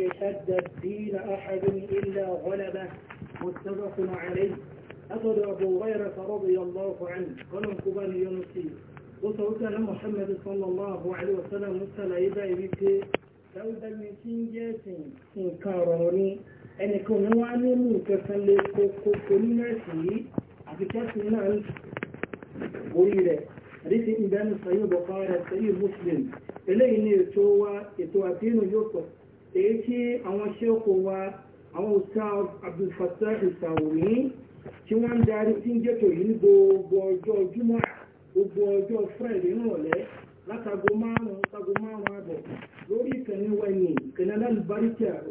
يشد دين أحد إلا غلبه متفق عليه أخذ أبو هريرة رضي الله عنه قال القبان يونسي وصوت أنا محمد صلى الله عليه وسلم مثل إذا يبيك سوف يمكن جاسين سنكاروني أن يكون هو أن يموت فلك كل ناسي أبكاس من أنت قريرة ريس إبان السيد وقال السيد مسلم إليه نيرتوا يتواتين يوسف èyí tí àwọn ṣéòkò wa àwọn Ustaz Abdul Fattah tí wọ́n ń darí tí jẹ́tò yìí ní gbogbo ọjọ́ Jímọ̀ gbogbo ọjọ́ Friday nírọ̀lẹ́ látago márùn látago márùn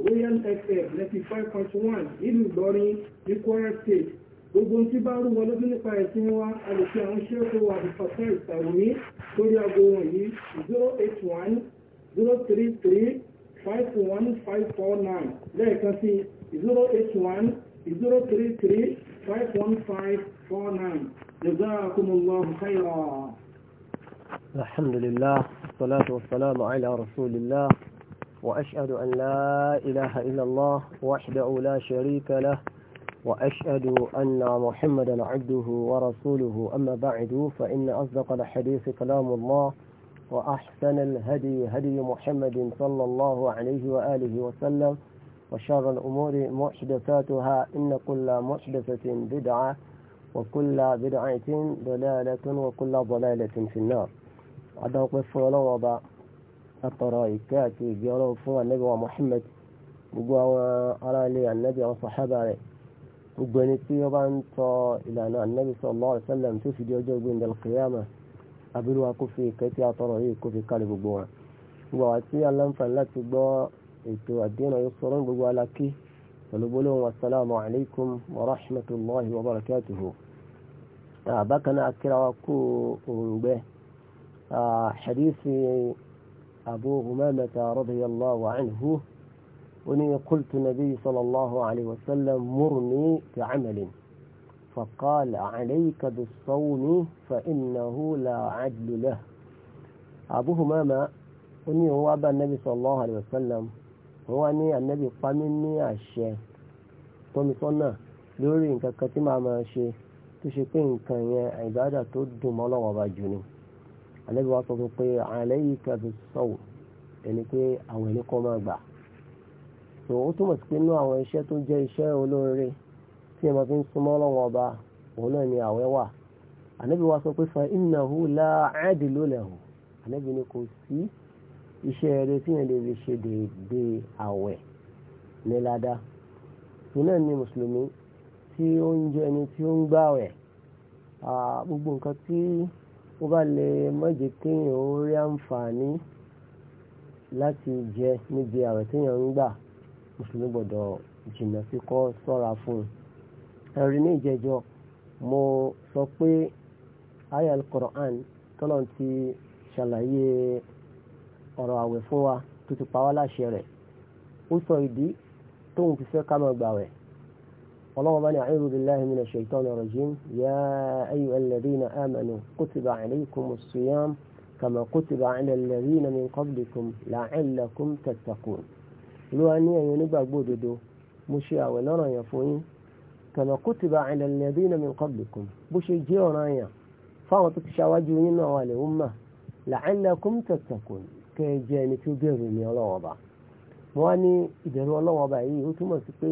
Royal FM ninety five point one nílùú Ìlọrin ní Kwara State gbogbo tí bá rú wọn lójú nípa ẹ̀sìn wa a lè wa five one five four nine lẹ́ẹ̀kan sí zero eight one zero three three five one five four nine jazakumullahu khayran. الحمد لله والصلاة والسلام على رسول الله وأشهد أن لا إله إلا الله وحده لا شريك له وأشهد أن محمدا عبده ورسوله أما بعد فإن أصدق الحديث كلام الله وأحسن الهدي هدي محمد صلى الله عليه وآله وسلم وشر الأمور محدثاتها إن كل محدثة بدعة وكل بدعة ضلالة وكل ضلالة في النار عدم قف ولوضع الطرائكات جروا فوى النبي ومحمد وقوى أرى لي النبي وصحابه وقوى نتيبا إلى أن النبي صلى الله عليه وسلم تفيد يجوز عند القيامة abirúwa kó fi ìkẹ́ tí a tọrọ yìí kó fi kárí gbogbo wọn. gbogbo àwọn tí aláǹfààní láti gbọ́ ètò àdéhùn ayé sọ̀rọ̀ gbogbo alákì pẹ̀lú gbólóhùn asalaamu alaykum wa rahmatulahi wa barakatuhu. bákan náà akíra wa kú òǹgbẹ. xadíìsì abu humamata radiyallahu anhu. وني قلت النبي صلى الله عليه وسلم مرني بعمل فقال عليك بالصوم فإنه لا عدل له أبو همامة أني هو أبا النبي صلى الله عليه وسلم هو أني النبي قمني الشيء tómi sọ́nà lórí nǹkan kan tí màá máa ṣe tó ṣe pé nǹkan yẹn ìbádà tó dùn mọ́ lọ́wọ́ bá jù ni àlẹ́bí wa sọ fún pé alayka bis-sawm ẹni pé àwọn ẹni kọ́ máa gbà tó ó túmọ̀ sí pé inú àwọn iṣẹ́ tó jẹ́ iṣẹ́ olóore tí ẹ máa fi ń súnmọ́ ọlọ́run ọba òun náà ni àwẹ̀ wà ànábì wa sọ pé fa innahu la adilu lahu ànábì ni kò sí iṣẹ́ eré tí yẹn lè fi ṣe déédéé àwẹ̀ ní òun náà ni mùsùlùmí tí ó ń jẹ ẹni tí ó ń gbàwẹ̀ gbogbo nǹkan tí ó bá lè mọ́jẹ kéèyàn ó rí àǹfààní láti jẹ níbi àwẹ̀ téèyàn ń gbà mùsùlùmí gbọ́dọ̀ jìnnà sí kó ṣọ́ra fún un ẹ̀rí ní ìjẹjọ mo sọ pé aya al-Qur'an tọ́lọ̀ ti ṣàlàyé ọ̀rọ̀ àwẹ̀ fún wa tó ti pa wá láṣẹ rẹ̀ ó sọ ìdí tóun ti fẹ́ ká máa gbàwẹ̀ ọlọ́wọ́ bá ní a'udhu billahi minash shaitanir rajim ya ayyuhal ladhina amanu kutiba alaykumus siyam kama kutiba ala alladhina min qablikum la'allakum tattaqun. olúwa ní ẹ̀yin onígbàgbọ́ òdodo mo ṣe àwẹ̀ lọ́ranyàn fún yín kama kutiba ala alladhina min qablikum bó ṣe jẹ́ ọ̀ràn yàn fáwọn tó ti ṣáwájú yín náà wà lè ń mà la'allakum tattaqun kẹ́ ẹ jẹ́ ẹni tó bẹ̀rù ní ọlọ́wọ́ ọba mo wá ní ìbẹ̀rù ọlọ́wọ́ ọba yìí ó túmọ̀ sí pé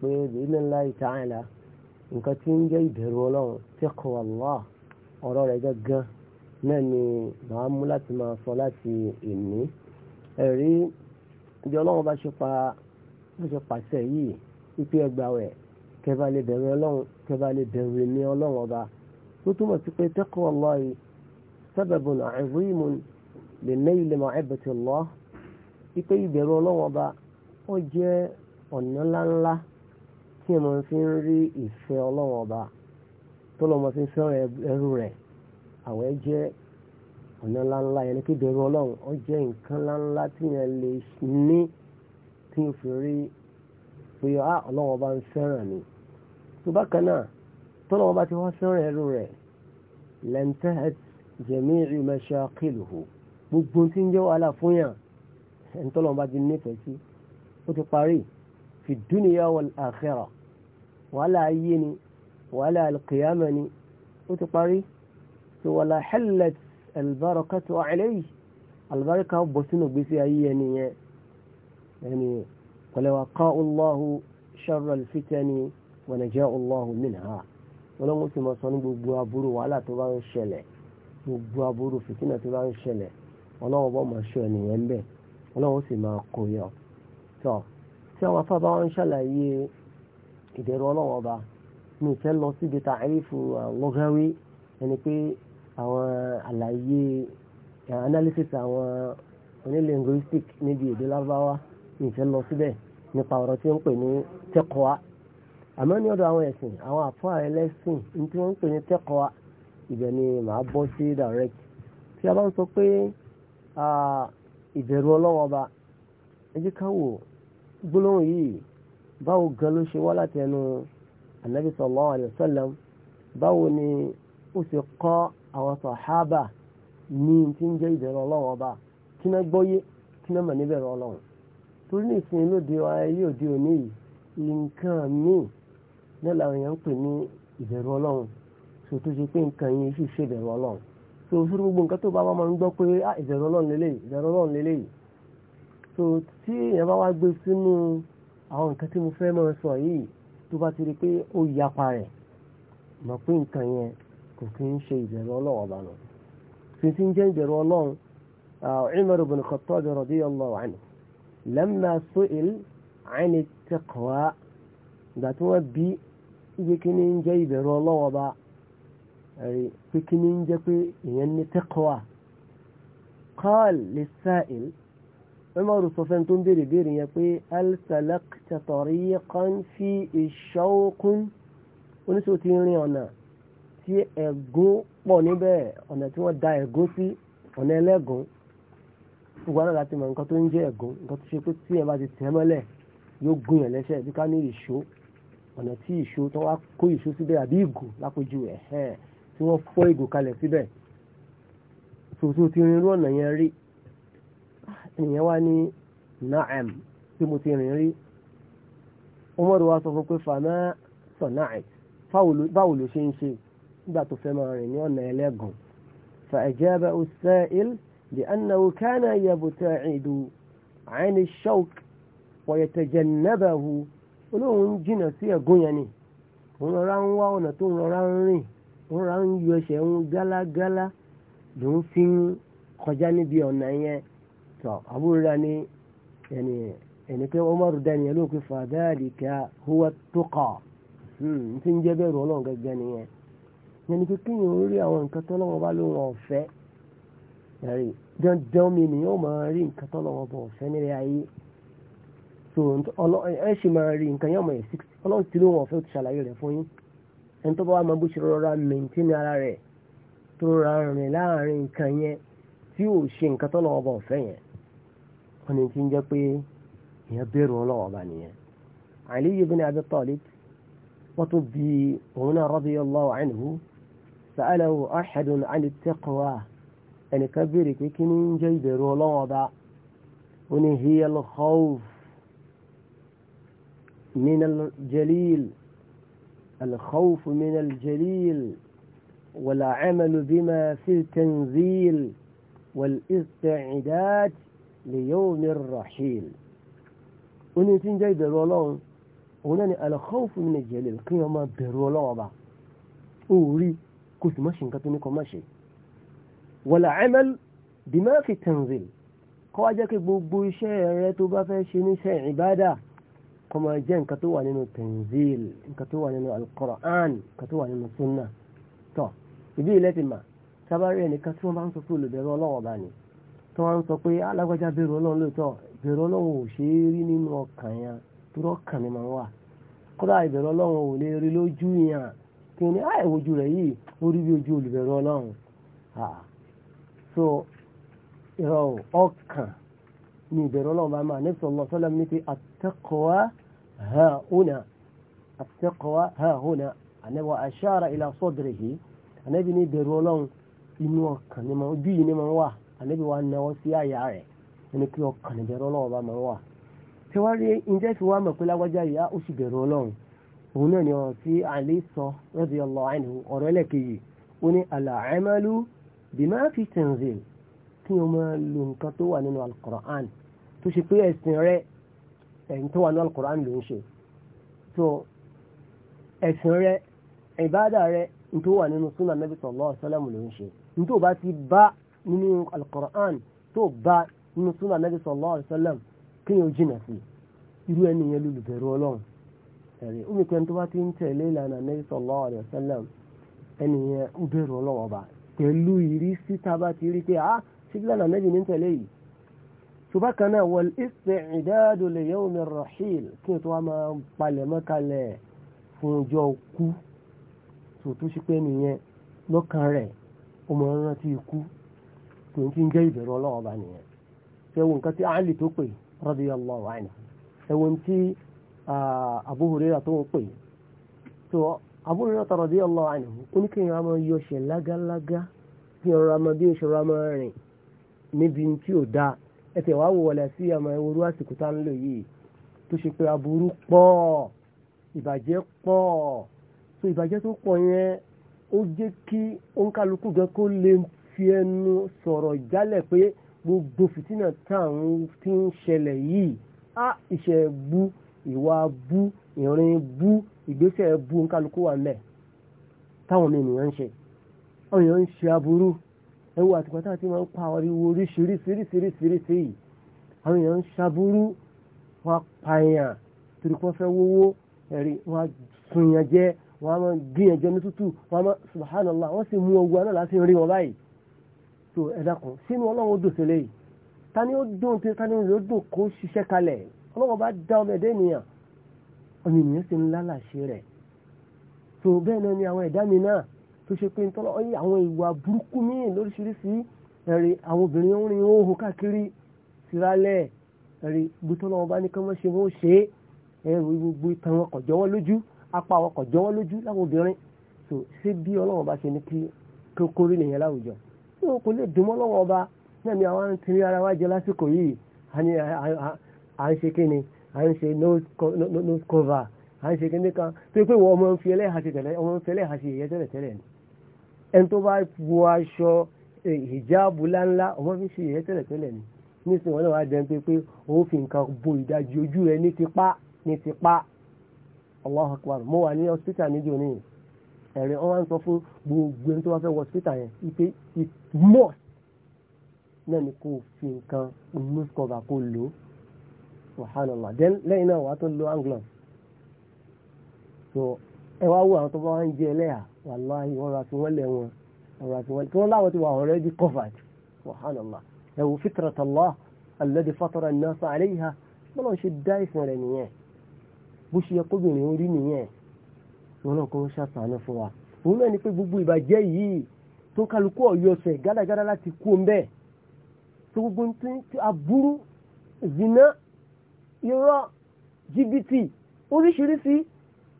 bi idhnillahi ta'ala nǹkan tí ń jẹ́ ìbẹ̀rù ọlọ́run taqwa Allah ọ̀rọ̀ rẹ̀ gángan náà ni màá mú láti máa sọ láti èmi ẹ̀rí bí ọlọ́run bá ṣe pa bá ṣe pàṣẹ yìí wípé ẹgbàá rẹ̀ kẹba lè bẹ̀rù ọlọ́run kẹba lè bẹ̀rù èmi ọlọ́run ọba tó túmọ̀ sí pé taqwa Allah sababun azimun li nail ma'ibbati Allah wípé ìbẹ̀rù ọlọ́run ọba ó jẹ́ ọ̀nà ńláńlá tí ẹ máa fi ń rí ìfẹ́ ọlọ́run ọba tó lọ́mọ fi ń fẹ́ràn ẹrú rẹ̀ àwẹ̀ jẹ́ ọ̀nà ńláńlá yẹn ní kéde ẹrú ọlọ́run ó jẹ́ nǹkan ńláńlá tí yẹn lè ní tí n fi rí pé á ah, ọlọ́run ọba ń fẹ́ràn ni tó kan náà tó lọ́wọ́ bá ti wá fẹ́ràn ẹrú rẹ̀ lẹ́ńtẹ́hẹ́t jẹ̀mí ìrìnmẹ́ṣẹ́ kílùú gbogbo tí ń jẹ́ wàhálà fún yàn ẹni tó lọ́wọ́ bá ti nífẹ̀ẹ́ sí ó ti parí fi dúnìyà wal wàhálà ayé ni wàhálà alkiyama ni ó ti parí tó wàhálà hellet albaraka tó àìlẹ́yìí albaraka bọ̀ sínú gbèsè ayé ẹni yẹn ẹni kọlẹ̀wà ká Allahu sharral fitani wa najaa Allahu minha wọn lọ́wọ́ sì máa sọ ní gbogbo aburú wàhálà tó bá ń ṣẹlẹ̀ gbogbo aburú fìtínà tó bá ń ṣẹlẹ̀ ọlọ́wọ́ bọ́ máa ṣọ ènìyàn bẹ́ẹ̀ ọlọ́wọ́ sì máa kó yọ. tí àwọn afábáwọn ń ṣàlàyé ìdẹ̀rù ọlọ́wọ́ ọba mi fẹ́ lọ síbi tàrífù lọ́gáwí ẹni pé àwọn àlàyé analysis àwọn onílinguistic níbi èdè lárúbáwá mi fẹ́ lọ síbẹ̀ nípa ọ̀rọ̀ tí wọ́n ń pè ní tẹ́kọ̀ọ́ àmọ́ ní ọ̀dọ̀ àwọn ẹ̀sìn àwọn àfọ́ ẹlẹ́sìn ní tí wọ́n pè ní tẹ́kọ̀ọ́ ibẹ̀ ni màá bọ́ sí direct tí a bá ń sọ pé ìbẹ̀rù ọlọ́wọ́ ọba ẹ gbólóhùn yìí báwo gan ló ṣe wá láti ẹnu anabi sallallahu alayhi wa sallam báwo ni ó ṣe kọ́ àwọn sàhábà ní tí ń jẹ́ ìbẹ̀rù ọlọ́run ọba kí náà gbọ́yé kí náà mọ̀ níbẹ̀rù ọlọ́run torí ní ìsìn lóde ayé òde òní yìí nǹkan míì náà làwọn èèyàn ń pè ní ìbẹ̀rù ọlọ́run so tó ṣe pé nǹkan yẹn sì ṣe ìbẹ̀rù ọlọ́run so fún gbogbo nǹkan tó bá wà máa ń gbọ́ pé ah, ìbẹ̀rù ọlọ́run lélẹ́yìí ìbẹ̀rù ọlọ́run lélẹ́yìí so tí èèyàn bá wá gbé sínú àwọn nǹkan tí mo fẹ́ máa sọ yìí tó bá ti rí pé ó yapa rẹ̀ mọ̀ pé nǹkan yẹn kò kí ń ṣe ìbẹ̀rù ọlọ́run ọba lọ. títí ń jẹ́ ìbẹ̀rù ọlọ́run Umar ibn Khattab radiyallahu anhu lamma su'il an at-taqwa ìgbà tí wọ́n bí ibi kí ni ń jẹ́ ìbẹ̀rù ọlọ́run ọba pé kí ni ń jẹ́ pé ìyẹn ní taqwa Umaru sọ fẹ́ tó ń béèrè béèrè yẹn pé alsalakta tariqan fi ishawqun oníṣòwò ti rin ọ̀nà tí ẹ̀gún pọ̀ níbẹ̀ ọ̀nà tí wọ́n da ẹ̀gún sí ọ̀nà ẹlẹ́gún gbogbo ara láti mọ nǹkan tó ń jẹ́ ẹ̀gún nǹkan tó ṣe pé tí ẹ bá ti tẹ̀ mọ́lẹ̀ yóò gún yẹn lẹ́sẹ̀ bí ká ní ìṣó ọ̀nà tí ìṣó tó wá kó ìṣó síbẹ̀ àbí ìgò lápòjú ẹ̀ tí wọ́n fọ́ ìgò kalẹ̀ síbẹ̀ tòótọ́ ti rin irú ọ̀nà yẹn rí ènìyàn wá ní naam tí mo ti rìn rí Umar wa sọ fún pé fàmà sọ̀nàì báwo ló ṣe ń ṣe nígbà tó fẹ́ máa rìn ní ọ̀nà ẹlẹ́gùn fàjẹ́bẹ̀ ọ̀sẹ́ìl di annahu kana yabta'idu ani shawk wa yatajannabahu olóhùn jìnà sí ẹ̀gún yẹn ni òun rọra ń wá ọ̀nà tó ń rọra ń rìn òun rọra ń yọ ẹsẹ̀ ń gálágálá lòún fi ń kọjá níbi ọ̀nà yẹn tọ́ àbúrò ní ẹni ẹni pé Umaru dání ẹlò pé fadhalika huwa tuqa hmm, tí ń jẹ́ bẹ̀rù ọlọ́run gẹ́gẹ́ nìyẹn yẹni pé kíyàn orí àwọn nǹkan tọ́lọ́wọ́ bá ló wọn ọ̀fẹ́ ẹ̀rí dandan mi nìyẹn ó máa rí nǹkan tọ́lọ́wọ́ bọ̀ ọ̀fẹ́ nílẹ̀ ayé so ẹ ṣì máa rí nǹkan yẹn ọmọ ẹ̀ six ọlọ́run ti ló wọn ọ̀fẹ́ ó ti ṣàlàyé rẹ̀ fún yín ẹni tó bá wà máa bó ṣe rọra mẹ̀ntínì ara rẹ̀ tó rọra rìn láàrin nǹkan yẹn tí ò ṣe nǹkan tọ́lọ́wọ́ bọ̀ ọ̀fẹ́ yẹn wọ́n ní ti ń jẹ́ pé èèyàn bẹ̀rù ọlọ́wọ́ bá nìyẹn Ali ibn Abi Talib wọ́n tún bí òun náà radiyallahu anhu sa'alahu ahadun ani taqwa ẹnìkan béèrè pé kí ni ń jẹ́ ìbẹ̀rù ọlọ́wọ́ bá ó ní hiyal khawf من الجليل الخوف من الجليل والعمل بما في التنزيل والاستعداد ليوم الرحيل. ó ní tí ń jẹ́ ìbẹ̀rù ọlọ́run òun náà ni alkhawfu min aljalil kí wọ́n máa bẹ̀rù ọlọ́run ọba ó rí kò sì má ṣe nǹkan tó ní kọ́ má ṣe wal amal bima fi tanzil kọ́ wá jẹ́ kí gbogbo iṣẹ́ rẹ tó bá fẹ́ ṣe níṣẹ́ ìbádà kọ́ jẹ́ nǹkan tó wà nínú tanzil nǹkan tó wà nínú alqur'an nǹkan tó wà nínú sunnah tọ́ ìbí ilẹ̀ ti mà sábàárẹ̀ nìkan tí wọ́n bá ń sọ pé olùbẹ̀rù ọlọ́run ọba ni tó wọ́n sọ pé alágbájá ah, bẹ̀rù ọlọ́run lóòótọ́ bẹ̀rù ọlọ́run ò ṣe é rí nínú ọkàn yẹn torí ọkàn mi máa wà kódà ìbẹ̀rù ọlọ́run ò lè rí lójú yẹn kí ni àì ah, wojú rẹ̀ yìí ó rí bí ojú olùbẹ̀rù ọlọ́run so ìrọ̀ ọkàn ni ìbẹ̀rù ọlọ́run bá máa nẹ́bí sọ̀rọ̀ sọ́lá ní pé àtẹ́kọ̀ọ́ ha hùnà àtẹ́kọ̀ọ́ ha hùnà ànẹ́wà àṣàrà ìlà sọ́dẹ̀rẹ̀ yìí ànẹ́bí ní ìbẹ̀rù ọlọ́run inú ọkàn ni máa ojú yìí ni máa wà ànábì wa náwó sí àyà rẹ̀ ẹni pé ọkàn ìbẹ̀rù ọlọ́run bá máa wà tí wọ́n rí ǹjẹ́ fi wá mọ̀ pé lágbájá ìyá ó sì bẹ̀rù ọlọ́run òun náà ni ọ̀rọ̀ tí àlè sọ radiyallahu anhu ọ̀rọ̀ ẹlẹ́kejì ó ní al-amalu bima fi tanzil kí wọ́n máa lo nǹkan tó wà nínú al tó ṣe pé ẹ̀sìn rẹ̀ ẹ̀yìn tó wà ní al ló ń ṣe tó ẹ̀sìn rẹ̀ ìbáàdà rẹ̀ tó wà nínú sunnah nabi sallallahu alaihi ló ń ṣe nítorí bá ti bá nínú alukoran tó bá nínú súnà nàbí sallallahu alaihi wasallam kí yóò jìnà sí irú ẹni yẹn lùbẹ̀rù ọlọ́run ẹ̀rí omi kan tó bá ti ń tẹ̀lé ìlànà nàbí sallallahu alaihi wasallam ẹni yẹn ń bẹ̀rù ọlọ́run ọba pẹ̀lú ìrísí tá a bá ti rí pé ah ṣíbílẹ̀ nàbí ní tẹ̀lé yìí subakana wal isti'dadu li yawmi rahil kí n tó wá máa palẹ̀ mọ́kalẹ̀ fún ọjọ́ kú tó tó ṣe pé nìyẹn lọ́kàn rẹ̀ ó máa rántí ikú tó ń ti ń jẹ́ ìbẹ̀rù ọlọ́run ọba nìyẹn ṣẹ́wọ̀n nǹkan tí Ali tó pè radiyallahu anhu ẹ̀wọ̀n tí Abu Hurairah tó ń pè tó Abu Hurairah radiyallahu anhu oníkèèyàn máa yọ ṣẹ̀ lágálágá fi ọ̀rọ̀ àmọ́ bí oṣù ọ̀rọ̀ rìn níbi tí ò dáa ẹ̀tẹ̀ wá wò wọlé sí àmọ́ orú àsìkò tá ń lò yìí tó ṣe pé aburú pọ̀ ìbàjẹ́ pọ̀ so ìbàjẹ́ tó pọ̀ yẹn ó jẹ́ kí òǹkàlùkù gan kó lè fi ẹnu sọ̀rọ̀ jálẹ̀ pé gbogbo fìtínà táwọn tí ń ṣẹlẹ̀ yìí á ìṣẹ́ bu ìwà bu ìrìn bú ìgbésẹ̀ bú nkálukú wà mẹ́ táwọn mi ènìyàn ń ṣe àwọn èèyàn ń ṣe aburú ẹwọ àtìpátá tí wọ́n ń pa ariwo oríṣiríṣiríṣiríṣi yìí àwọn èèyàn ń ṣaburú wọ́n pààyàn tìrìkọ́ fẹ́ wówó ẹ̀rí wọ́n sùn yàn jẹ́ wọ́n á máa gbìyànjẹ́ ní tútù wọ́n á máa subhanallah wọ́n sì mú ọgbọ́n náà láti rí wọn báyìí so ẹ̀dàkùn sínú ọlọ́run dùn sílẹ̀ yìí ta ni ó dùn tí ta ni ó dùn kó ṣiṣẹ́ kalẹ̀ ọlọ́run bá dá ọmọ ẹ̀dá ènìyàn ọmọ ènìyàn sì ń lálàṣe rẹ̀ so bẹ́ẹ̀ náà ni àwọn ẹ̀dá mi náà tó ṣe pé ntọ́lọ́ ọyẹ àwọn ìwà burúkú míì lóríṣiríṣi ẹ̀rí àwọn obìnrin ń rin òhò káàkiri tiralẹ̀ ẹ̀rí gbútọ́lọ́ wọn bá ní kí wọ́n ṣe wọ́n ṣe é ẹ̀rù gbogbo ìtàn wọn kò jọ lójú apá wọn kò jọ lójú láwọn obìnrin so ṣé bí ọlọ́run bá ṣe ní kí kókórí lèyàn láwùjọ tí o kò lè dùn mọ́ lọ́wọ́ ọba náà ni àwọn ti rí ara wa jẹ lásìkò yìí à ń ṣe kíni à ń ṣe nose cover à ń ṣe kíni kan tó pé wọ́n ọmọ ń fi ẹlẹ́hà ṣe tẹ̀lé ọmọ ń fi ẹlẹ́hà ṣe ìyẹn tẹ́lẹ̀ tẹ́lẹ̀ ni ẹni tó bá wọ aṣọ ìjáàbù e, láńlá ọmọ fi ṣe ìyẹn tẹ́lẹ̀ tẹ́lẹ̀ ni nísìnyí wọn náà wá dẹ́n pé pé òfin nǹkan bo ìdajì ojú rẹ ní tipa ní tipa Allahu Akbar mo wà ní hospital níjọ́ níyìí ẹ̀rẹ̀ wọ́n wá ń sọ fún gbogbo ẹni tó wá fẹ́ wọ síta yẹn ipe it must náà ni kò fi nǹkan nose cover kò lò subhanallah then lẹ́yìn náà wàá tó lo anglon so ẹ wá wo àwọn tó bá wá ń jẹ ẹlẹ́yà wàláhì wọ́n ra fi wọ́n lẹ̀ wọn ọ̀rọ̀ àti wọ́n tí wọ́n láwọn ti wà already covered subhanallah ẹ wo fitratallah alladhi fatara an-nasa alayha bọ́lá ń ṣe dá ìsìn rẹ̀ nìyẹn bó ṣe yẹ kóbìnrin orí nìyẹn wọn náà kọ́ ń ṣàtàánú fún wa òun náà ni pé gbogbo ìbàjẹ́ yìí tó kálukú ọ̀yọ́sẹ̀ gádàgádà láti kú ń bẹ́ẹ̀ tó gbogbo tí aburú zina irọ́ jìbìtì oríṣiríṣi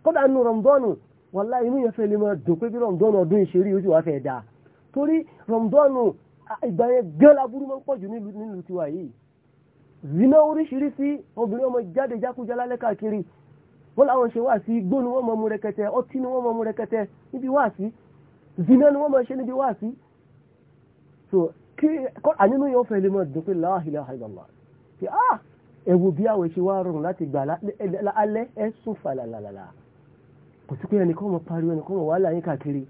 kódà nu rọ̀mdọ́nù wàlá inú yẹn fẹ́ lè máa dùn pé bí rọ̀mdọ́nù ọdún ìṣeré ojú wa fẹ́ dáa torí rọ̀mdọ́nù ìgbà yẹn gán laburú máa ń pọ̀jù nílùú tiwa yìí zina oríṣiríṣi obìnrin ọmọ jáde jákújá lálẹ́ káàkiri wọ́n láwọn ṣe wáàsí igbó ni wọ́n mọ mu rẹkẹtẹ ọtí ni wọ́n mọ mu rẹkẹtẹ níbi wáàsí zina ni wọ́n mọ ṣe níbi wáàsí so kí ànínú yóò fẹ́ lè mọ dùn pé láàhìlá ah ẹ̀wù bí àwẹ̀ ṣe wá rọrùn láti gbà alẹ́ ẹ̀ sùn fàlàlàlà kò tí pé ẹnìkan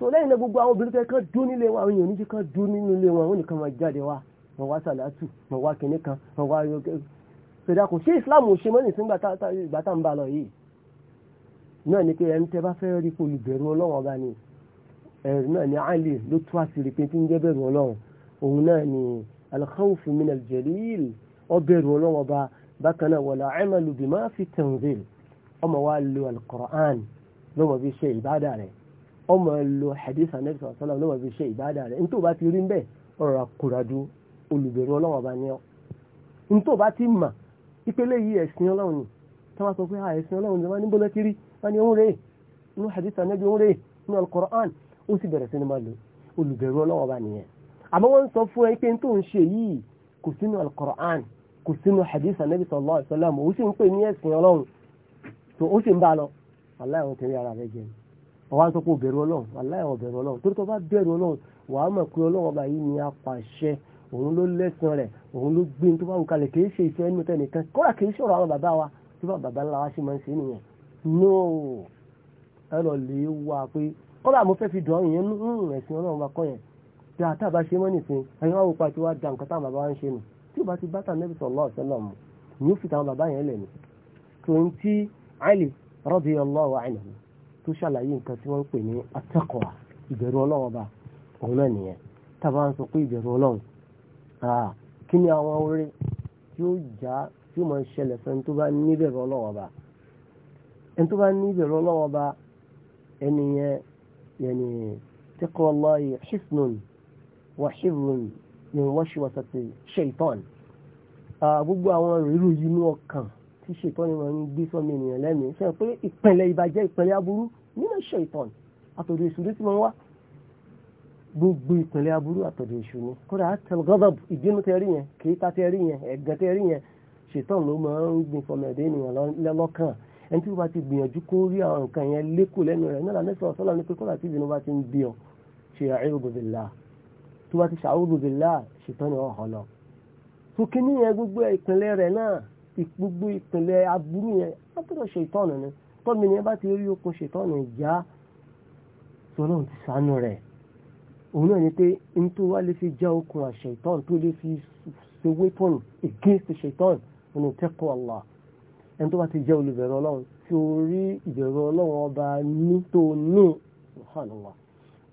so lẹ́yìn náà gbogbo àwọn obìnrin kan dún nílé wọn àwọn èèyàn oníṣẹ́ kan dún nínú ilé wọn sọ̀dá kò ṣé islam ò ṣe mọ́nì sí ìgbà tá ń bá lọ yìí náà ni pé ẹni tẹ́ bá fẹ́ rí olùbẹ̀rù ọlọ́run ọba ni ẹ̀rù náà ni ali ló tú àṣírí pé tí ń jẹ́ bẹ̀rù ọlọ́run òun náà ni alkhawfu min aljalil ọbẹ̀rù ọlọ́run ọba bákan náà wala amalu bima fi tanzil ọmọ wa lo alquran lọ́wọ́ fi ṣe ìbádà rẹ̀ ọmọ lo hadith anabi sallallahu alaihi wasallam lọ́wọ́ bá ti rí ìpele yìí ẹ̀sìn ọlọ́run ni tí wọ́n sọ pé ẹ̀sìn ọlọ́run ni wọ́n ní bọ́lá kiri wọ́n ní òun rèé inú hadith anabi òun rèé inú alukoran ó sì bẹ̀rẹ̀ sí ni máa lò olùbẹ̀rù ọlọ́run ọba nìyẹn àmọ́ wọ́n ń sọ fún ẹ pé n tó ń ṣe yìí kò sínú alukoran kò sínú hadith anabi sallallahu alaihi wasallam ó sì ń pè ní ẹ̀sìn òun ló gbé tó bá wù kalẹ̀ kìí ṣe ìfẹ́ ẹnu tẹnìkan kọ́ra kìí ṣọ̀rọ̀ àwọn wa tí bá bàbá ńlá wa ṣe máa ń ṣe nìyẹn no ẹ lọ lè pé kọ́ra mo fẹ́ fi dùn ọ̀rùn yẹn ń ẹ̀sìn ọlọ́run wa kọ́ yẹn a tábà ṣe mọ́ nìsín ẹ̀yin wá wò pa tí wàá da nǹkan táwọn bàbá wa ń ṣe nù tí o bá ti bá tà nẹ́bí kí ni àwọn oore tí ó já tí ó máa ń ṣẹlẹ̀ fún ẹni tó bá níbẹ̀rù ọlọ́wọ́ bá ẹni tó bá níbẹ̀rù ọlọ́wọ́ bá ẹni yẹn yẹn ni taqwallahi hifnun wa hifrun min washwasati shaytan gbogbo àwọn rírù yìí ní ọkàn tí ṣètọ́ ni ń gbé sọ́mi ènìyàn lẹ́mìí sọ pé ìpínlẹ̀ ìbàjẹ́ ìpínlẹ̀ aburú nínú ṣètọ́ àtòdì ìṣúrí tí wọ́n wá gbogbo ìpínlẹ̀ aburú àtọ̀dọ̀ èṣù ni kódà àtẹlgọ́dọ̀b ìbínú tẹ́rí yẹn kìíta tẹ́rí yẹn ẹ̀gàn tẹ́rí yẹn ṣètàn ló máa ń gbin fọmọ ẹ̀dẹ́ ènìyàn lọ́kàn ẹni tí wọ́n bá ti gbìyànjú kó rí àwọn nǹkan yẹn lékò lẹ́nu rẹ̀ náà lẹ́sọ̀ ọ̀sọ́lá ni pé kódà tí ìbínú bá ti ń bí ọ ṣe a'udhu billah tó bá ni ọ̀họ́ lọ. tó kíní yẹn gbogbo ìpínlẹ̀ rẹ̀ náà gbogbo ìpínlẹ̀ aburú yẹn látọ̀dọ̀ ṣètàn ni tọ́mìnì yẹn bá ti rí okun ṣètàn òun náà ni pé n tó wá lè fi já okùn àṣẹ̀tọ́n tó lè fi ṣe wépọ̀n against ṣẹ̀tọ́n ọ̀nà tẹ́kọ̀ Allah ẹni tó bá ti jẹ́ olùbẹ̀rù ọlọ́run tí ó rí ìbẹ̀rù ọlọ́run ọba ní tó ní subhanallah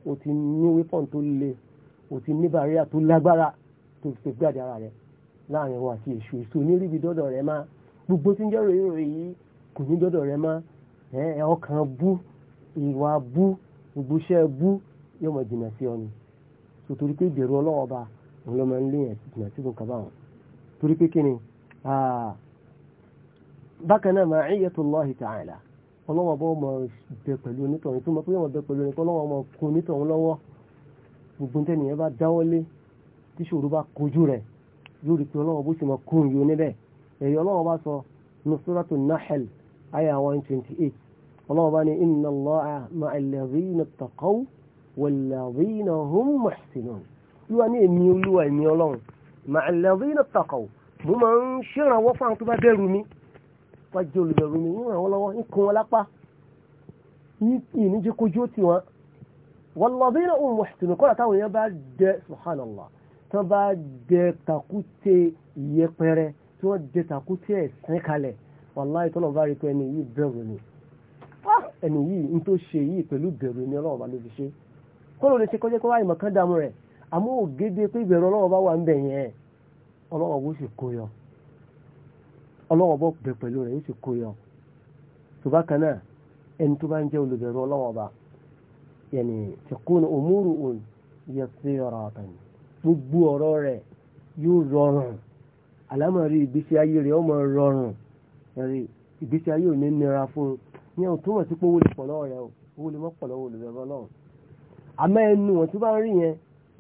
o ti ní wépọ̀n tó le o ti ní bàríà tó lágbára tó fi gbàdé ara rẹ láàrin wọn àti èṣù èṣù oníríbi dọ́dọ̀ rẹ máa gbogbo tí ń jẹ́ ròyìn ròyìn yóò mọ̀ jìnà sí ọ ni so torí pé ìbẹ̀rù ọlọ́wọ́ ọba òun ló máa ń léyìn jìnà sí nǹkan báwọn torí pé kí ni bákan náà ma'iyatullahi ta'ala ọlọ́wọ́ ọba ọmọ bẹ pẹ̀lú onítọ̀hún tó mọ̀ pé ọmọ bẹ pẹ̀lú onítọ̀hún ọlọ́wọ́ ọmọ kun onítọ̀hún lọ́wọ́ gbogbo tẹ́ni ẹ bá dáwọ́lé tí ṣòro bá kojú rẹ̀ yóò rí pé ọlọ́wọ́ bó ṣe máa kun yóò níbẹ̀ èyí ọlọ́wọ́ bá sọ nusuratu nahel aya one twenty eight ọlọ́wọ́ bá ní inna Allaha ma'al ladhina ttaqaw walladhina hum muhsinun yíwá ní èmi olúwa èmi ọlọ́run ma'alladhina taqaw mo máa ń ṣèrànwọ́ fún àwọn tó bá bẹ̀rù mi wá jẹ́ olùbẹ̀rù mi ìràn wọn lọ́wọ́ ikùn wọn lápá ìníjẹ́ kojú ti wọn walladhina hum muhsinun kọ́ra táwọn èèyàn bá dẹ subhanallah tó bá dẹ takúté ìyẹpẹrẹ tí wọ́n dẹ takúté ẹ̀sìn kalẹ̀ wàláì tọ́lọ̀ bá rí pé ẹni yìí bẹ̀rù ni ah! ẹni yìí ń tó ṣe yìí pẹ̀lú bẹ̀rù ni ọlọ́run bá ló fi ṣe é kó ló lè ṣe kọjá kó wá ìmọ̀ kan dààmú rẹ̀ àmọ́ ògede pé ìbẹ̀rù ọlọ́wọ́ bá wà ń bẹ̀ yẹn ọlọ́wọ́ bó sì kó yọ ọlọ́wọ́ bó bẹ̀ pẹ̀lú rẹ̀ yóò sì kó yọ tó bá kan náà ẹni tó bá ń jẹ́ olùbẹ̀rù ọlọ́wọ́ bá yẹn tẹ̀kún òmùrù òun yẹ sí ọ̀rọ̀ àtàn gbogbo ọ̀rọ̀ rẹ̀ yóò rọrùn àlámọ̀rí ìgbésí ayé rẹ̀ ọmọ rọrùn ẹ̀rí ìgbésí ayé ò ní nira fún un ní ọ̀tún wọ̀ sí pé owó lè pọ̀ lọ́wọ́ rẹ̀ owó lè mọ́ pọ̀ lọ́wọ́ olùbẹ̀rù ọlọ́run àmọ́ ẹnu wọn tó bá ń rí yẹn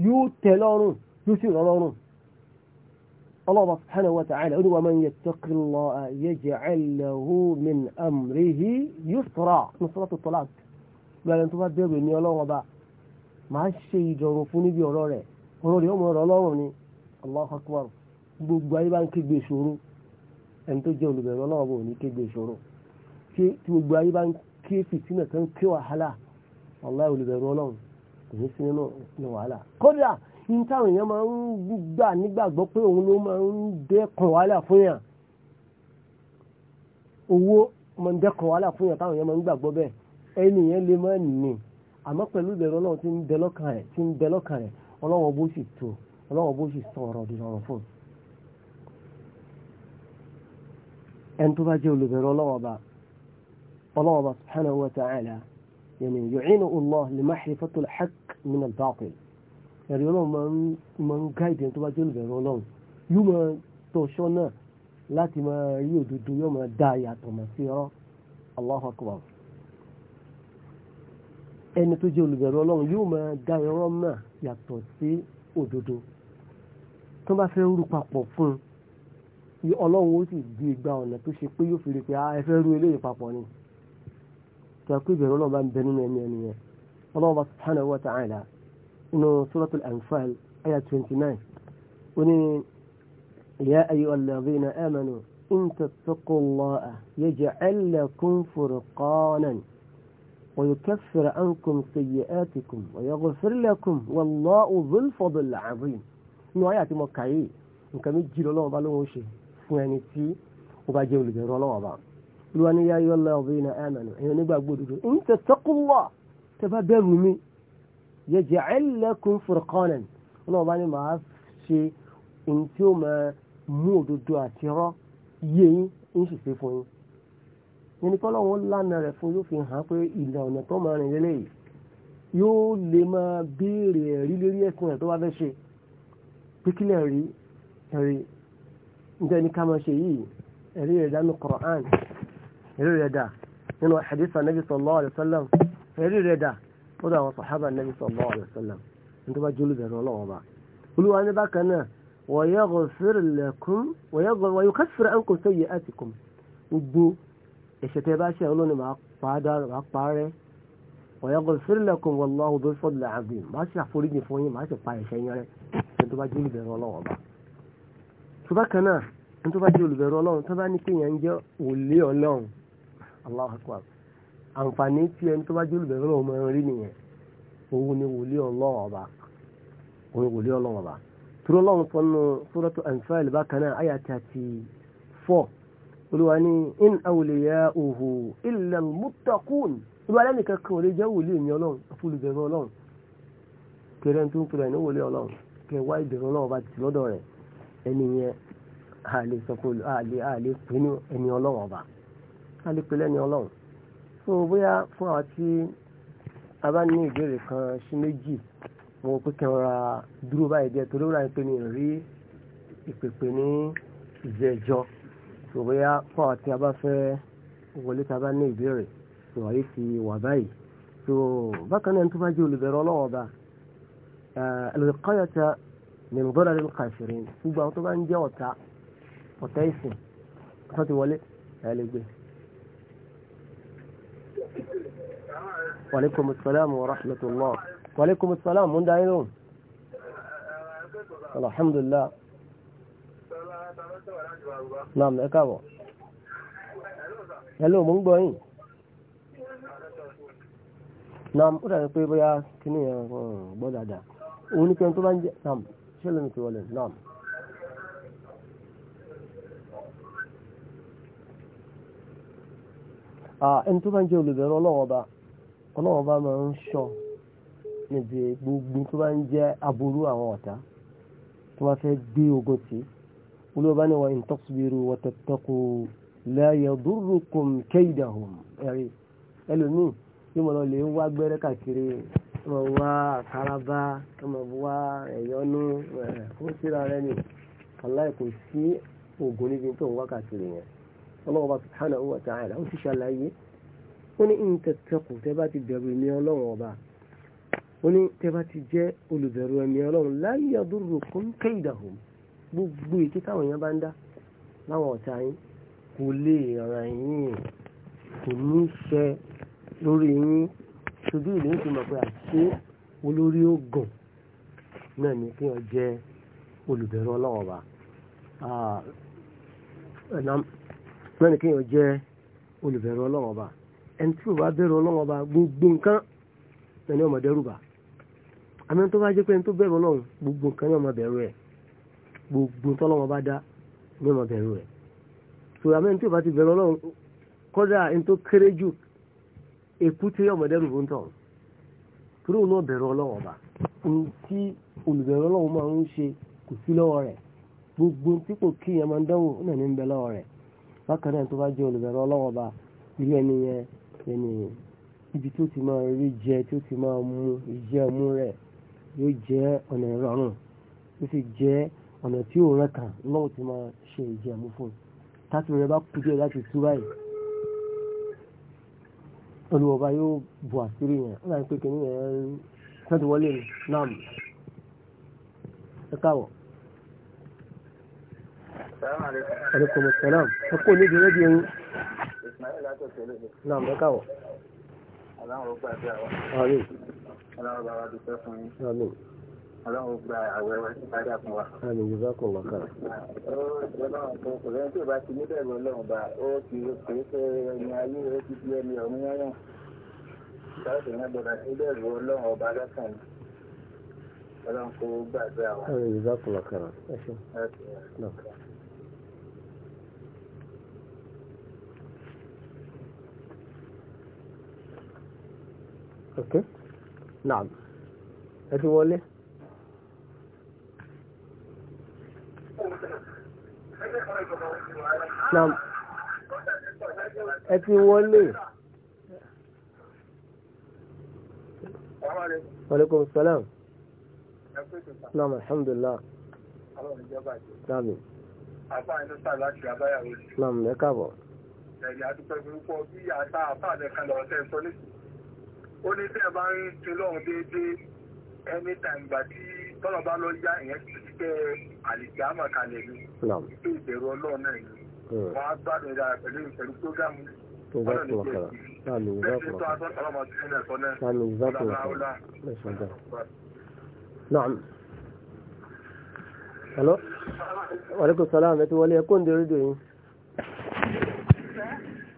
yóò tẹ́ lọ́rùn yóò sì rọ́ lọ́rùn Allah subhanahu wa ta'ala ó ní wa man yattaqillaha yaj'al lahu min amrihi yusra ní suratu talaq gbẹ̀rẹ̀ tó bá bẹ̀rù ní ọlọ́run ọba máa ṣe ìjọrùn fún níbi ọ̀rọ̀ rẹ̀ ọ̀rọ̀ rẹ̀ ọmọ ọ̀rọ̀ ọlọ́run ni Allahu akbar gbogbo ayé bá ń kégbe fìtínà tó ń ké wàhálà wallahi olùbẹ̀rẹ̀ ọlọ́run kò ní sí nínú nínú wàhálà kódà ní táwọn èèyàn máa ń gbà nígbàgbọ́ pé òun ló máa ń dẹ́kun wàhálà fún yàn owó máa ń dẹ́kun wàhálà fún yàn táwọn èèyàn máa ń gbàgbọ́ bẹ́ẹ̀ ẹnìyẹn lè máa nì àmọ́ pẹ̀lú ìbẹ̀rù ọlọ́run tí ń bẹ lọ́kàn rẹ̀ tí ń bẹ lọ́kàn rẹ̀ ọlọ́run bó sì tó ọlọ́run bó sì sọ ọ̀rọ̀ ìrọ̀rùn fún un. ẹni tó bá jẹ́ olùbẹ̀rù ọlọ́run ọba ọlọ́run ọba subhanahu wa ta'ala يعني يعينه الله لمعرفة الحق من الباطل يعني يقولون من من قايد ń gáìdì ẹni يوم توشونا لا تما يودو يوم máa tọ́ ṣọ́nà láti máa rí òdodo yóò máa dá yàtọ̀ mọ̀ sí ọ́ Allahu Akbar ẹni tó jẹ́ olùbẹ̀rù ọlọ́run yóò máa dá irọ́ mọ̀ yàtọ̀ sí òdodo tó bá fẹ́ rú papọ̀ fún un ọlọ́run ó sì di igba ọ̀nà tó ṣe pé yóò fi rí pé ẹ fẹ́ rú eléyìí papọ̀ ni تاكو بيرو لو بان بنين يعني الله سبحانه وتعالى إنه سورة الأنفال آية 29 وني يا أيها الذين آمنوا إن تتقوا الله يجعل لكم فرقانا ويكفر عنكم سيئاتكم ويغفر لكم والله ذو الفضل العظيم إنه آية مكعي nǹkan méjì lọ́wọ́ bá lóun ṣe fún ẹni tí ó bá jẹ́ olùbẹ̀rù ọlọ́wọ́ olúwa ní yáyọ lọ́wọ́ iná àmàlù èèyàn nígbàgbọ́ òdodo ń tẹ tọkùnwà tẹ bá bẹ̀rù mi yẹ jẹ ẹlẹkùn furqanan ọlọ́wọ́ bá ní màá ṣe ní tí ó máa mú òdodo àti rọ́ yé yín ń sì ṣe fún yín yẹn ni kọ́lọ́wọ́ lánàá rẹ̀ fún yóò fi hàn pé ìlà ọ̀nà tó máa rìn lè máa béèrè ẹ̀rí lérí ẹ̀sìn rẹ̀ tó bá fẹ́ ṣe píkílẹ̀ rí ẹ̀rí níta ká máa ṣe yìí ẹ̀rí rẹ̀ dánú ẹ̀rí rẹ̀ dà nínú hadisa nabi sallallahu alayhi wa sallam ẹ̀rí rẹ̀ dà ó dà àwọn sàhábà nabi sallallahu alayhi wa sallam ní tó bá jólú bẹ̀rù ọlọ́wọ́ bá olúwa ní bákan náà wa yaghfir lakum wa yukaffir ankum sayyi'atikum gbogbo ẹ̀ṣẹ̀ tẹ́ bá ṣe àwọn olóòní máa parẹ́ wa yaghfir lakum wallahu dhul fadli azim máa ṣe àforíjì fún yín máa ṣe pa ẹ̀ṣẹ̀ yẹn rẹ̀ ní tó bá jólú bẹ̀rù ọlọ́wọ́ bá tó bákan náà ní tó bá jólú bẹ̀rù ọlọ́run tó bá ní kéèyàn jẹ́ òlé ọlọ́run Allahu Akbar àǹfààní tí ẹni tó bá jẹ́ olùbẹ̀rẹ̀ ọlọ́run máa ń rí nìyẹn òun ni wòlíì ọlọ́run ọba òun ni wòlíì ọlọ́run ọba turu ọlọ́run sọnù Suratu Anfal bákan náà àyà thirty four olúwa ní in awliya'uhu illa al-muttaqun olúwa lẹ́nu kankan ò lè jẹ́ wòlíì mi ọlọ́run àfọlùbẹ̀rẹ̀ ọlọ́run kẹrẹ tó ń pèrè ní wòlíì ọlọ́run kẹ wá ìbẹ̀rẹ̀ ọlọ́run ọba ti alípẹ̀lẹ́ ni ọlọ́run so bóyá fún àwọn tí a bá ní ìbéèrè kan sí méjì mo pé kí n dúró báyìí díẹ̀ torí ó rà ní rí ìpèpè ní ìjẹ́jọ́ so bóyá fún àwọn tí a bá fẹ́ wọlé tí a bá ní ìbéèrè so àyè ti wà báyìí so bákan náà tó bá jẹ́ olùbẹ̀rẹ̀ ọlọ́run ọba ẹlòkọ́yọ̀tà ní mọ̀gọ́dà ló kàṣìrín gbogbo àwọn tó bá ń jẹ́ ọ̀tá ọ̀tá ìsìn kọ́ wọlé ẹ̀ lè gbé. wàlékùmù sàlámù rahmatullah wàlékùmù sàlámù ń dáyé lóhùn. alhamdulilah. naam ẹ e káàbọ̀. hello mo ń gbọ́ yín. naam ó dàbí pé bóyá kíní yẹn gbọ́ dáadáa òun ní kẹ́ni tó bá ń jẹ́ naam ṣé lómi ti wọlé naam. Ah, ẹni tó bá ń jẹ́ olùbẹ̀rẹ̀ ọlọ́wọ́ bá. ọlọ́run bá máa ń ṣọ́ níbi gbogbo tó bá ń jẹ́ aburú àwọn ọ̀tá tó bá fẹ́ gbé ogun tì olóòbá ni wa in tasbiru wa tattaqu la ẹ̀rí ẹlòmíì tí mo lọ lè wá gbẹ́rẹ́ káàkiri wá àkàràbá wá ẹ̀yọ́nú fún síra rẹ ni aláì kò sí níbi tó ń wá káàkiri yẹn bá ó ti ṣàlàyé ó ní nǹkan kan kù tẹ́ bá ti bẹ̀rù ẹ̀mí ọlọ́run ọba ó ní tẹ́ bá ti jẹ́ olùbẹ̀rù ẹ̀mí ọlọ́run láyé àdúrò kún kéèdàhùn gbogbo èké táwọn èèyàn bá ń dá láwọn ọ̀tá yín kò lè ràn yín kò ní ṣe lórí yín ṣojú ìlú ń fi mọ̀ pé àṣé olórí ogun náà ni kí wọ́n jẹ́ olùbẹ̀rù ọlọ́run ọba náà ni kí wọ́n jẹ́ olùbẹ̀rù ọlọ́run ọba ẹni tí ò bá bẹ̀rù ọlọ́run ọba gbogbo nǹkan ẹni ọmọ dẹ́rù àmì tó bá jẹ́ pé ẹni tó bẹ̀rù ọlọ́run gbogbo nǹkan ni ọmọ bẹ̀rù ẹ̀ gbogbo tọ́lọ́run bá dá ni ọmọ bẹ̀rù ẹ̀ tó àmì tí ò bá ti bẹ̀rù ọlọ́run kọ́dà ẹni tó kéré jù èkúté ọmọ dẹ́rù bó ń tọ̀ torí òun náà bẹ̀rù ọlọ́run ọba ohun tí olùbẹ̀rù ọlọ́run máa ń ṣe kò sí lọ́wọ́ rẹ̀ gbogbo tí kò kí yẹn máa ń dánwò ó náà ní ń bẹ lọ́wọ́ rẹ̀ bákan náà tó bá jẹ́ olùbẹ̀rù ọlọ́run ọba ilé ẹni yẹn ẹni ibi tí ó ti máa rí jẹ tí ó ti máa mú ìjẹ mú rẹ̀ yóò jẹ́ ọ̀nà ìrọ̀rùn ó sì jẹ́ ọ̀nà tí ò rẹ̀ kàn lọ́wọ́ ti máa ṣe ìjẹ mú fún un tásìkò rẹ̀ bá kú díẹ̀ láti tú báyìí olùwọ̀ba yóò bu àṣírí yẹn ó láti pé kìnìún yẹn sẹ́ẹ̀tì wọlé náà ẹ káwọ̀. Ẹ kò ní ìdílé di ẹyin. Ismail látọ̀sẹ̀ lónìí. Náà mọ́ káwọ̀. Ọlọ́run ó gbà bí àwa. Àmín. Ọlọ́run bá wa dúpẹ́ fún yín. Àmín. Ọlọ́run ó gba àwẹ̀ wa sí padà fún wa. Àmín ìjọba kan wà kára. Ó Ọlọ́run tó kò lẹ́yìn tó bá ti níbẹ̀rù Ọlọ́run bá ó ti pèé pé ẹni ayé ó ti di ẹni ọ̀run yányàn. Ìgbàlódé yẹn gbọdọ̀ níbẹ̀rù اوكي نعم هاتي ولا نعم هاتي ولا وعليكم السلام نعم الحمد لله نعم نعم يا كابو ní tẹ́ ẹ bá ń sin lọ́run déédéé ẹni tàǹgbà tí tọ́lọ̀ bá lọ yá ìyẹn ti tẹ́ àlìjáàmọ̀ kalẹ̀ ni pé ìbẹ̀rù ọlọ́run náà ni hmm. wọ́n á gbádùn ìdá pẹ̀lú ìpẹ̀lú prógámù ọlọ́run ní kẹ́ẹ̀kì Hello. salaam. Ẹ ti wọlé ẹkún ní rédíò yín.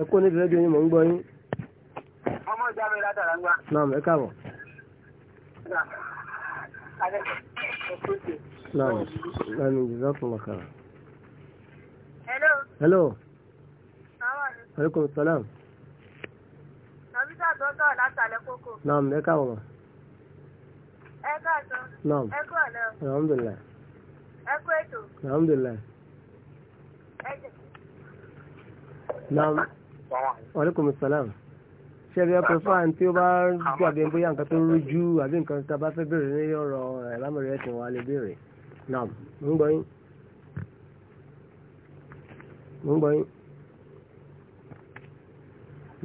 Ẹkún ní rédíò yín mò ń gbọ́ yín ọmọ ìjà mi látara ń gbà. naam ẹ káàbọ̀. naam naam jazakallah khair. hello. hello. aleykum salaam. Nàbísà tó sọ̀rọ̀ látàlẹ́ kókò. Naam ẹ káàbọ̀. Ẹ káàtó. Naam. Ẹ kú ọ̀nà. Alhamdulillah. Ẹ kú ètò. Alhamdulillah. Ẹ jẹ. Naam. Wa aleykum ṣebí ẹ pẹfọ àǹtí ó bá gbàgbé bóyá nǹkan tó rújú àbí nǹkan tá a bá fẹ́ bèrè ní ọ̀rọ̀ ẹlámọrẹ ẹsìn wa lè bèrè náà mo ń gbọ́ yín mo ń gbọ́ yín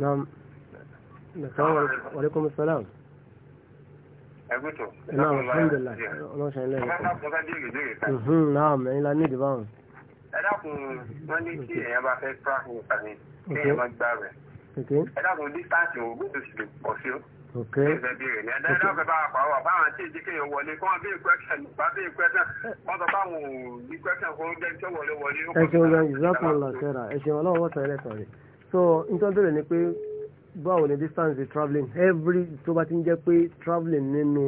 náà nàìjíríà wàlẹ́kùn sálàm. ẹgbẹ́ tó. náà alhamdulilah ọlọ́sàn-án lẹ́yìn. ọlọ́sàn-án lẹ́yìn. ọlọ́sàn-án lẹ́yìn. náà ẹ̀yin la ní ìdìbò àwọn. ẹ dákun wọn ní kí èèyàn bá fẹ́ pàṣẹ ìpàdé kí èèyàn má gbà rẹ̀ ẹ dákun distance òun gbé oṣù tó pọ̀ sí o. ẹgbẹ́ béèrè ní ẹ̀dá ẹ̀dá ọ̀fẹ́ bá wà pàrọ̀ bá àwọn tí èjì kéèyàn wọlé kí wọ́n béèrè question bá béèrè question wọ́n sọ fáwọn ní question kó ń dẹ́ni tó wọlé wọlé. ẹ ṣeun gan ìzákun lọ sẹ́ra ẹ ṣeun ọlọ́run wọ́n tẹ̀lé tọ̀rẹ̀ so nítorí bẹ̀rẹ̀ ni pé báwo ni distance is travelling every tó bá ti ń jẹ́ pé travelling nínú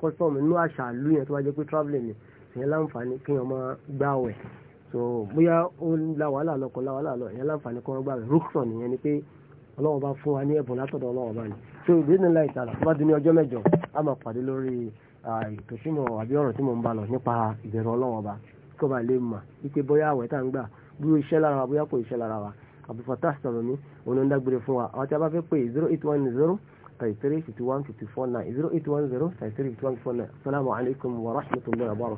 custom nínú àṣà ìlú yẹn tó bá jẹ́ pé travelling ni ìyẹn láǹfààní kéèyàn máa gbáwẹ̀ so bóyá ó ń la wàhálà lọ kọ la wàhálà lọ ìyẹn láǹfààní kọ́ gbáwẹ̀ rúkṣọ̀ nìyẹn ni pé ọlọ́run bá fún wa ní ẹ̀bùn látọ̀dọ̀ ọlọ́run bá ní so ìdílé láì tààlà tó bá di ní ọjọ́ mẹ́jọ a máa pàdé lórí ètò tí mo àbí ọ̀rọ̀ tí mo ń bá lọ nípa ìbẹ̀rù ọlọ́run ọba kó ba lè mà wípé bóyá àwẹ̀ tá à ń gbà bí ó iṣẹ́ lára wa bóyá kò iṣẹ́ lára wa àbúfọ̀tà sọ̀rọ̀ mi òun ń dágbére fún wa àwọn tí a bá fẹ́ pé zero eight one zero thirty three fifty one fifty four nine zero eight one zero thirty three fifty one fifty four nine salamu alaykum wa